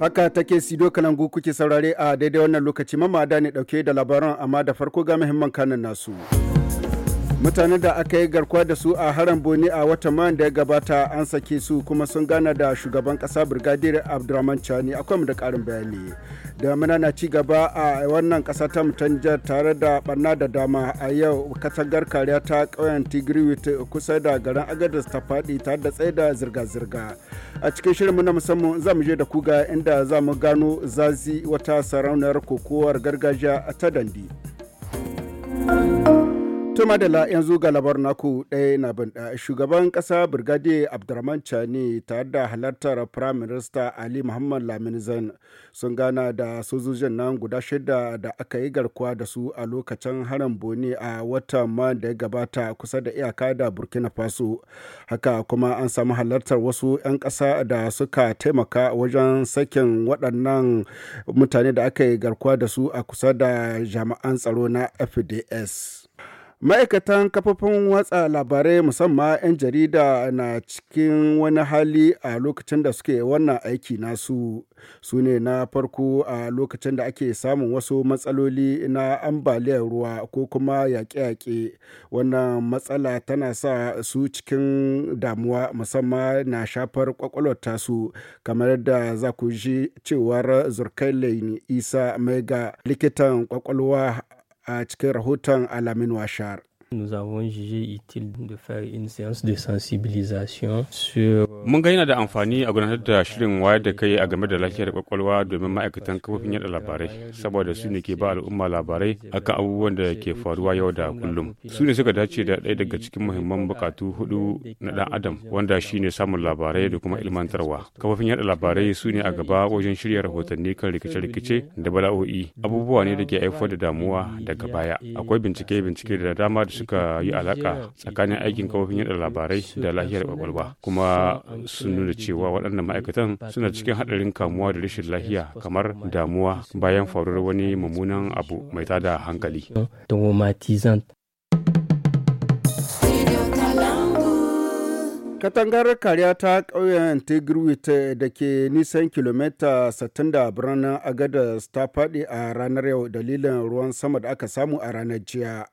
Haka take Sido Kalangu kuke saurare a daidai wannan lokaci mamada ne dauke da labaran amma da farko ga muhimman kanan nasu. mutanen da aka yi garkuwa da su a harin boni a wata man da ya gabata an sake su kuma sun gana da shugaban kasa brigadier abdurrahman chani akwai mu da karin bayani da muna na ci gaba a wannan kasa ta mutanjar tare da barna da dama a yau katangar kariya ta ƙauyen tigriwit kusa da garin agadas ta faɗi tare da tsaye da zirga-zirga a cikin shirinmu na musamman za mu je da kuga inda za mu gano zazi wata sarauniyar kokowar gargajiya ta dandi. Tuma da la yanzu ga labar naku ɗaya na bin shugaban ƙasa Birgade Abdurrahman Chani tare da halartar Prime Minister Ali Muhammad laminizan Zan sun gana da sojojin nan guda shida da aka yi garkuwa da su a lokacin harin Boni a watan man da ya gabata kusa da iyaka da Burkina Faso. Haka kuma an samu halartar wasu 'yan ƙasa da suka taimaka wajen sakin waɗannan mutane da aka yi garkuwa da su a kusa da jami'an tsaro na FDS. ma'aikatan kafofin watsa labarai musamman 'yan jarida na cikin wani hali a lokacin da suke wannan aiki nasu su ne na farko a lokacin da ake samun wasu matsaloli na ambaliyar ruwa ko kuma yaƙe-yaƙe wannan matsala tana sa su cikin damuwa musamman na shafar kwakwalwar tasu kamar da za ku ji cewar zurkailin isa mega likitan kwakwalwa a cikin rahoton alamin washar de Mun ga yana da amfani a gudanar da shirin wayar da kai a game da lafiyar kwakwalwa domin ma'aikatan kafofin yada labarai, saboda su ne ke ba al'umma labarai akan abubuwan da ke faruwa yau da kullum. Su ne suka dace da ɗaya daga cikin muhimman bukatu hudu na ɗan adam wanda shine samun labarai da kuma ilmantarwa. Kafofin yada labarai su ne a gaba wajen shirya rahotanni kan rikice-rikice da bala'o'i. Abubuwa ne da ke haifar da damuwa daga baya. Akwai bincike-bincike da dama da suka yi alaka tsakanin aikin kafofin yada labarai da lahiyar kwakwalwa kuma sun nuna cewa waɗannan ma'aikatan suna cikin haɗarin kamuwa da rashin lahiya kamar damuwa bayan faruwar wani mummunan abu mai tada hankali. katangar kariya ta ƙauyen tigirwit da ke nisan kilomita 60 da birnin agadas ta faɗi a ranar yau dalilin ruwan sama da aka samu a ranar jiya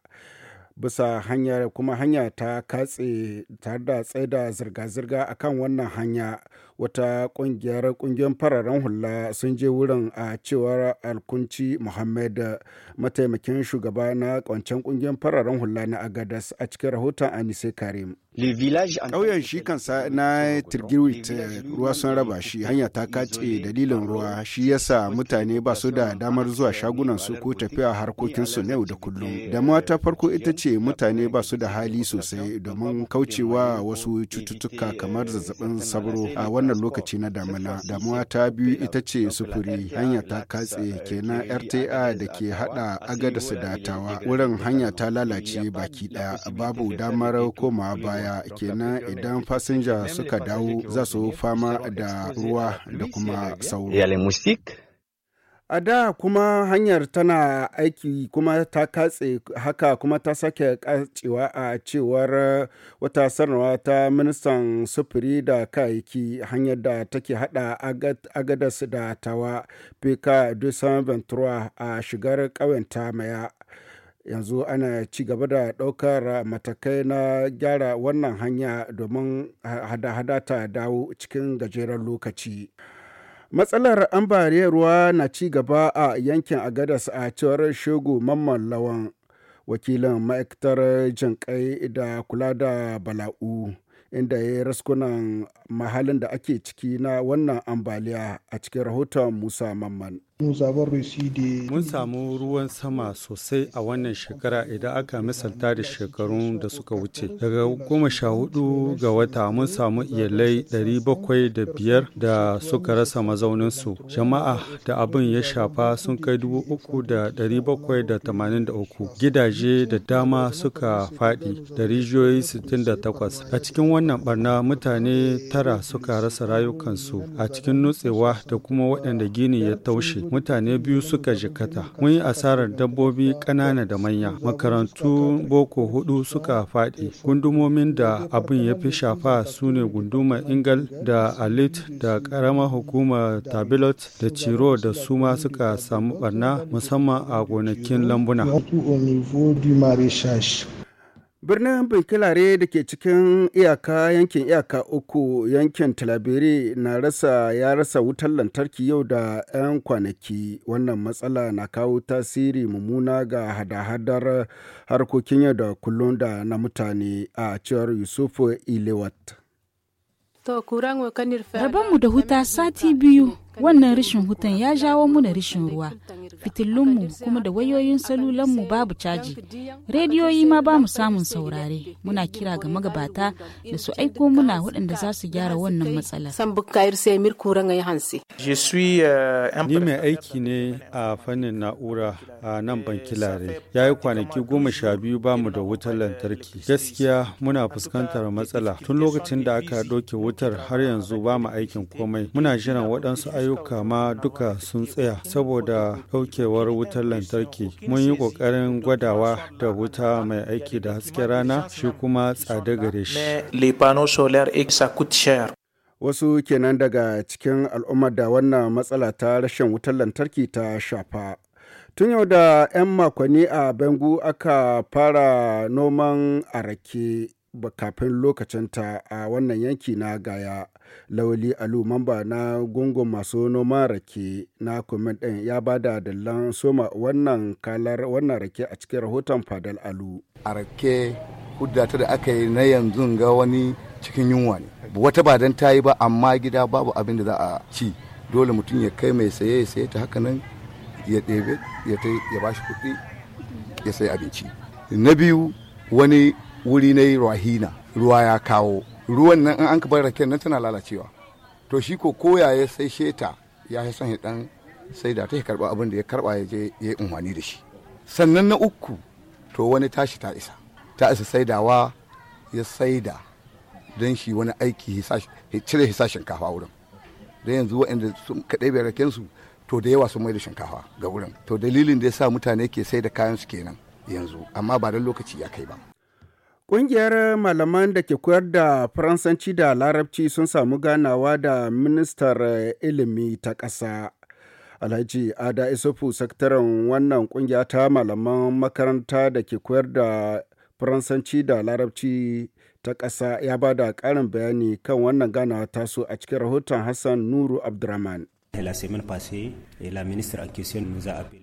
bisa hanya kuma hanya ta katse tare da tsaida zirga-zirga a kan wannan hanya wata kungiyar kungiyar fararen hula sun je wurin a cewar alkunci muhammad mataimakin shugaba na kwancen kungiyar fararen hula na agadas a cikin rahoton anise karim ƙauyen shi kansa na tirgirwit ruwa sun raba shi hanya ta kace dalilin ruwa shi yasa mutane ba su da damar zuwa shagunan su ko tafiya harkokin su na yau da kullum da ta euh, farko ita ce mutane ba su da hali sosai domin kaucewa wasu cututtuka kamar zazzabin sabro a wannan lokaci na damina damuwa ta biyu ita ce sufuri hanya ta katse kenan rta da ke hada agada da tawa wurin hanya ta lalace baki daya babu damar komawa baya baya kenan idan fasinja suka dawo za su fama da ruwa da kuma sauro. A da kuma hanyar tana aiki kuma ta katse haka kuma ta sake kacewa a cewar wata sanarwa ta ministan sufuri da kayayyaki hanyar da take hada agadas da tawa pk dusan ventura a shigar kawenta maya yanzu ana ci gaba da ɗaukar matakai na gyara wannan hanya domin hada-hada ta dawo cikin gajeren lokaci matsalar ambaliyar ruwa na ci gaba a yankin agadas a cewar shego mamman lawan wakilin ma'aikatar jinƙai da kula da bala'u inda ya yi raskunan mahalin da ake ciki na wannan ambaliya a cikin rahoton musa mamman Mun samu ruwan sama sosai a wannan shekara idan aka misalta da shekarun da suka wuce. Daga goma sha hudu ga wata mun samu iyalai ɗari bakwai da biyar da suka rasa mazauninsu. Jama'a da abin ya shafa sun kai dubu uku da ɗari bakwai da tamanin da uku. Gidaje da dama suka faɗi da rijiyoyi sittin da takwas. A cikin wannan barna mutane tara suka rasa rayukansu a cikin nutsewa da kuma waɗanda gini ya taushe. mutane biyu suka jikata. Mun yi asarar dabbobi ƙanana da manya. Makarantu boko hudu suka faɗi. Gundumomin da abin ya fi shafa su ne gundumar Ingal da Alit da karamar hukumar Tabilot da Ciro da suma suka samu barna musamman a gonakin lambuna. Birnin Binkilare da ke cikin iyaka yankin iyaka uku yankin Talabere na rasa ya rasa wutar lantarki yau da 'yan kwanaki wannan matsala na kawo tasiri mummuna ga hada-hadar harkokin yau da kullum da na mutane a cewar Yusufu Ilewat. Rabonmu da huta sati biyu Wannan rashin hutan ya jawo mu da rashin ruwa, fitilunmu kuma da wayoyin salulanmu babu caji. Rediyoyi ma ba mu samun saurare, muna kira ga magabata da su aiko muna waɗanda za su gyara wannan matsalar. Euh, Ni mai aiki ne a fannin na'ura a nan banki lare Ya yi kwanaki goma sha biyu ba mu da wutar lantarki. Gaskiya muna fuskantar matsala. Tun lokacin da aka ɗauke wutar har yanzu ba mu aikin komai. Muna jiran waɗansu ayyuka ma duka sun tsaya saboda ɗaukewar wutar lantarki. Mun yi ƙoƙarin gwadawa da wuta mai aiki da hasken rana shi kuma tsada gare shi. Wasu kenan daga cikin al'ummar da wannan matsala ta rashin wutar lantarki ta shafa. tun yau da 'yan makonni a bengu aka fara noman arake kafin lokacinta a wannan yanki na gaya lauli alu mamba na gungun masu noma rake na kumin ɗin ya ba da dallan soma wannan kalar wannan rake a cikin rahoton fadal alu a rake hudata da aka yi na yanzu ga wani cikin yunwa ne wata ba dan ta yi ba amma gida babu abin da za a ci dole mutum ya kai mai saye ya saye ta haka nan ya ɗebe ya ya kuɗi ya sayi abinci na biyu wani wuri na yi rahina ruwa ya kawo ruwan nan an ka bar raken nan tana lalacewa to shi ko koya ya sai sheta ya yi son sai da ta yi karba abin da ya karba ya je ya yi unhwani da shi sannan na uku to wani tashi ta isa ta isa saidawa ya saida don shi wani aiki cire hisa shinkafa wurin da yanzu waɗanda sun kaɗai bai raken su to da yawa sun mai da shinkafa ga wurin to dalilin da ya sa mutane ke sai da kayan su kenan yanzu amma ba don lokaci ya kai ba Ƙungiyar malaman da ke koyar da Faransanci da Larabci sun samu ganawa da ministar eh, ilimi ta ƙasa. Alhaji Ada Isufu sakataren wannan ƙungiya ta malaman makaranta da ke koyar da Faransanci da Larabci ta ƙasa ya ba da ƙarin bayani kan wannan ganawa taso a cikin rahoton Hassan Nuru Abdurrahman. Eh, eh,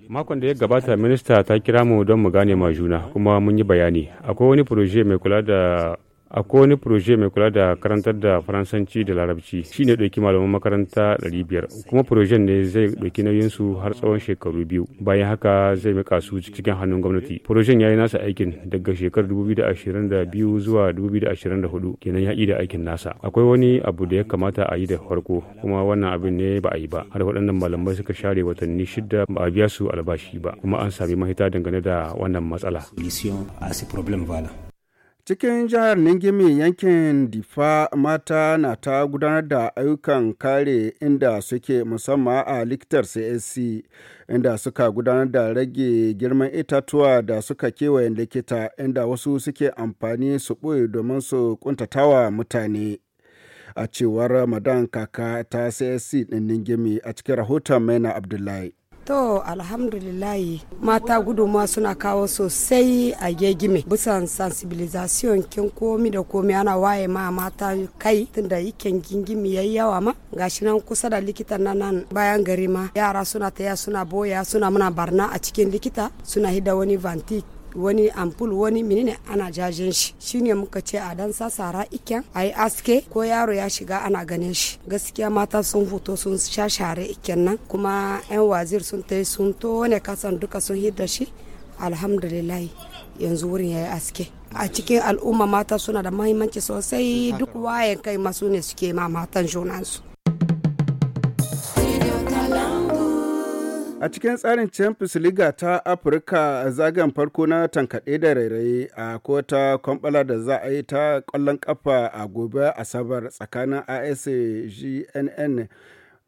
Makon da ya gabata minista ta kira mu don mu gane ma juna kuma mun yi bayani. Akwai wani mai kula da akwai wani proje mai kula da karantar da faransanci da larabci shi ne ɗauki malaman makaranta 500 kuma projen ne zai ɗauki su har tsawon shekaru biyu bayan haka zai mika su cikin hannun gwamnati projen ya yi nasa aikin daga shekarar 2022 zuwa 2024 kenan ya da aikin nasa akwai wani abu da ya kamata a yi da farko kuma wannan abin ne ba a yi ba har waɗannan malamai suka share watanni shida ba a biya su albashi ba kuma an sami mahita dangane da wannan matsala. Cikin jihar Ningimi yankin Difa mata na ta gudanar da ayyukan kare inda suke musamman a likitar CSC inda suka gudanar da rage girman itatuwa da suka kewaye likita inda wasu suke amfani su ɓoye domin su kuntatawa mutane. A cewar Madan Kaka ta CSC ɗin Ningimi a cikin rahoton Maina Abdullahi. To alhamdulillahi mata gudunmawa suna kawo sosai a gegime bisan sensibilisation kin komi da komi ana waye ma mata kai tunda iken gingimi yayi yawa ma gashi nan kusa da likita na nan bayan gari ma yara suna taya suna boya suna muna barna a cikin likita suna hida wani vantik wani ampul wani menene ana jajen shi shine muka ce a dan sasara iken a yi aske ko yaro ya shiga ana ganin shi gaskiya mata sun fito sun sha share iken nan kuma yan wazir sun ta sun wani kasan duka sun hidda shi alhamdulillah yanzu wurin ya yi aske a cikin al'umma mata suna da mahimmanci sosai duk wayan kai masu ne suke ma matan junansu A cikin tsarin Champions League ta Afirka zagayen farko na tankaɗe da rairaye a kota kwambala da za a yi ta ƙwallon ƙafa a gobe Asabar tsakanin ASGNN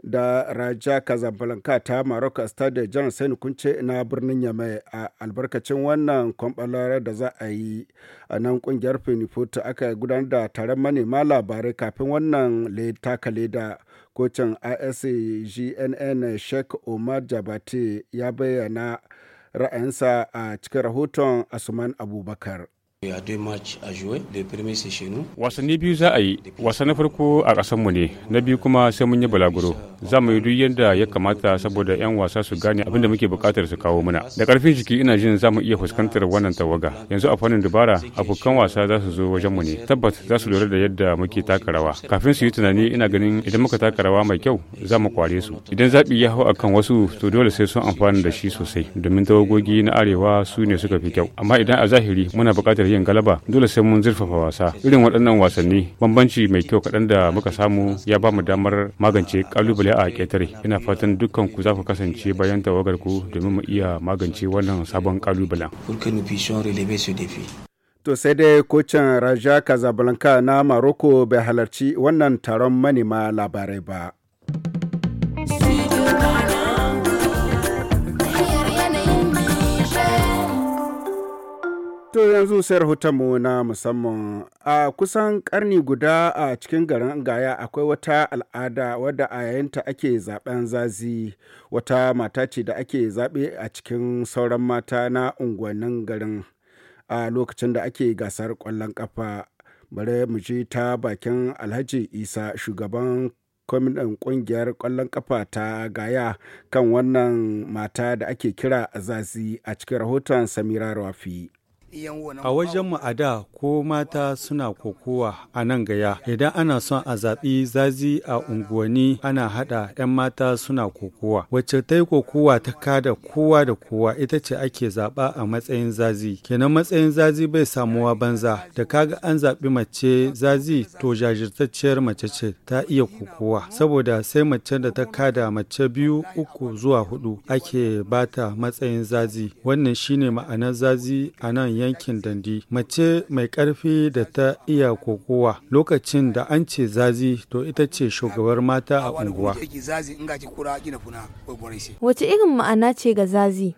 da Raja kazabalanka ta Morocco Stade John Sani Kunce na birnin Yamai a albarkacin wannan kwambalar da za a yi a nan kungiyar finifoto aka gudanar da taron manema labarai kafin wannan takale da kocin ISGNN Sheikh Omar Jabate ya bayyana ra'ayinsa a cikin rahoton Asuman Abubakar. Wasanni biyu za a yi, wasa na farko a ƙasanmu ne, na biyu kuma sai mun yi balaguro. Za mu yi duk yadda ya kamata saboda 'yan wasa su gane abin da muke buƙatar su kawo muna. Da karfin jiki ina jin za mu iya fuskantar wannan tawaga. Yanzu a fannin dubara, abokan wasa za su zo wajenmu ne. Tabbas za su lura da yadda muke taka rawa. Kafin su yi tunani ina ganin idan muka taka rawa mai kyau za mu kware su. Idan zaɓi ya hau akan wasu to dole sai sun amfana da shi sosai. Domin tawagogi na arewa su ne suka fi kyau. Amma idan a zahiri muna buƙatar yin galaba dole sai mun zurfafa wasa irin waɗannan wasanni bambanci mai kyau kaɗan da muka samu ya ba mu damar magance kalubale a ƙetare ina fatan dukkan ku za ku kasance bayan tawagar ku domin mu iya magance wannan sabon kalubalen To sai dai kocin Raja kazabalanka na Maroko bai halarci wannan taron manema labarai ba. To yanzu sai rahotonmu na musamman a kusan karni guda a cikin garin Gaya akwai wata al'ada wadda a yayinta ake zaben zazi wata mata ce da ake zaɓe a cikin sauran mata na unguwannin garin a lokacin da ake gasar ƙwallon ƙafa bare mu ji ta bakin Alhaji Isa shugaban kwamitin ƙungiyar kwallon kafa ta gaya kan wannan mata da ake kira zazi a cikin rahoton samira rafi A wajen mu a da ko mata suna kokowa a nan gaya idan ana son a zaɓi zazi a unguwanni ana haɗa 'yan mata suna kokowa. Wacce ta yi kokowa ta kada kowa da kowa ita ce ake zaɓa a matsayin zazi. Kenan matsayin zazi bai samuwa banza da kaga an zaɓi mace zazi to jajirtacciyar mace ce ta iya kokowa. Saboda sai mace da ta kada mace biyu uku zuwa hudu ake bata matsayin zazi. Wannan shine ma'anar zazi a nan yankin dandi mace mai karfi da ta iya kokowa lokacin da an ce zazi to ita ce shugabar mata a unguwa wace irin ma'ana ce ga zazi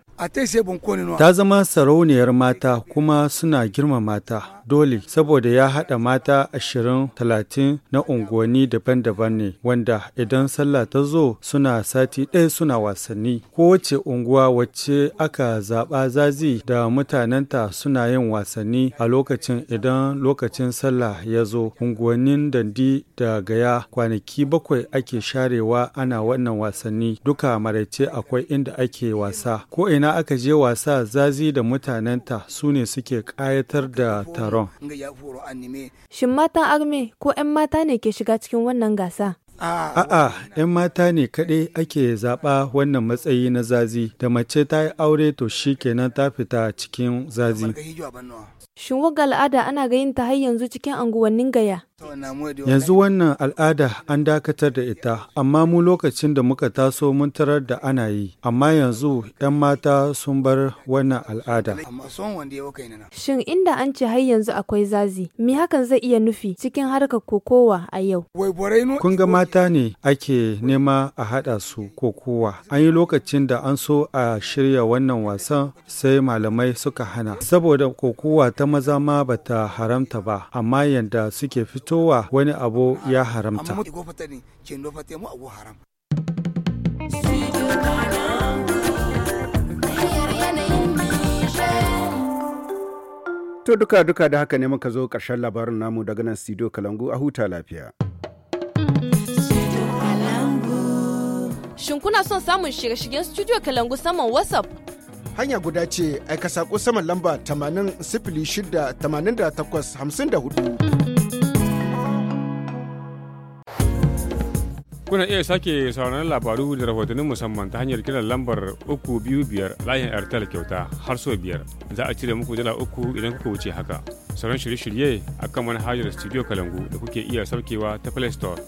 Ta zama sarauniyar mata kuma suna girma mata dole saboda ya haɗa mata ashirin talatin na unguwanni daban-daban ne wanda idan sallah ta zo suna sati ɗaya suna wasanni ko wace unguwa wacce aka zaɓa zazi da mutanenta suna suna yin wasanni a lokacin idan lokacin sallah ya zo unguwannin dandi da gaya kwanaki bakwai ake sharewa ana wannan wasanni duka maraice akwai inda ake wasa ko ina aka je wasa zazi da mutanenta su ne suke ƙayatar da taron shin matan arme ko 'yan mata ne ke shiga cikin wannan gasa A'a, ‘yan mata ne kaɗai ake zaɓa wannan matsayi na zazi, da mace ta yi aure to shi kenan ta fita cikin zazi. Shin wagga al'ada ana gayin ta har yanzu cikin anguwannin gaya? Yanzu wannan al'ada an dakatar da ita, amma mu lokacin da muka taso mun tarar da ana yi, amma yanzu 'yan mata sun bar wannan al'ada. Shin inda an ce har yanzu akwai zazi, mi hakan zai iya nufi cikin harkar kokowa a yau? Kun ga mata ne ake nema a haɗa su kokowa. An yi lokacin da an so a shirya wannan wasan sai malamai suka hana, saboda kokowa ta ita maza ma bata haramta ba, amma yadda suke fitowa wani abu ya haramta. To duka duka da haka ne muka zo ƙarshen labarin namu daga nan studio Kalangu a huta lafiya. Shin kuna son samun shirye-shiryen studio Kalangu saman WhatsApp? hanya guda ce aika sako saman lamba 80 6 54. kuna iya sake sauran labaru da rahotannin musamman ta hanyar kiran lambar 325 layin airtel kyauta har so biyar za a cire muku dala uku idan kuka wuce haka sauran shirye-shirye a kan manhajar studio kalangu da kuke iya saukewa ta play store